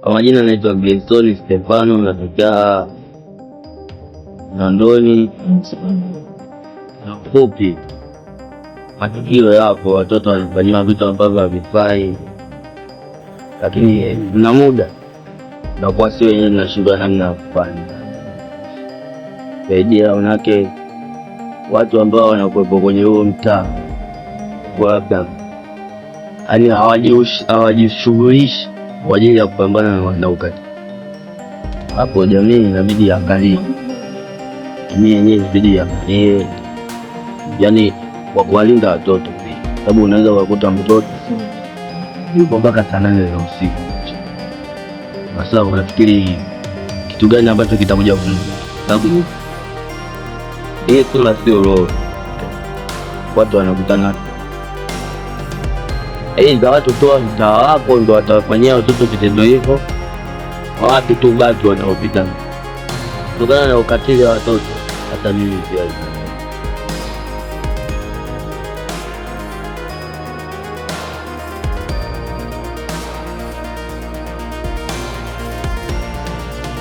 Kwa majina naitwa Gleson Stefano, natokea Nandoni. Na matukio yapo, watoto wanafanyiwa vitu ambavyo havifai, lakini na muda nakuwa si wenyewe, tunashindwa namna ya kufanya saidia, unake watu ambao wanakuwepo kwenye huo mtaa labda yaani hawajishughulishi kwa ajili ya kupambana na ukatili. Hapo jamii inabidi iangalie, jamii yenyewe inabidi iangalie, yaani kwa kuwalinda watoto pia, sababu unaweza ukakuta mtoto yupo mpaka saa nane za usiku. Sasa unafikiri kitu gani ambacho kitakuja ku sababu hii sura sio roho, watu wanakutana watu tutoa mtaa wako ndo watawafanyia watoto vitendo hivyo, watu tu baki wanaopita kutokana na ukatili wa watoto. Hata mimi pia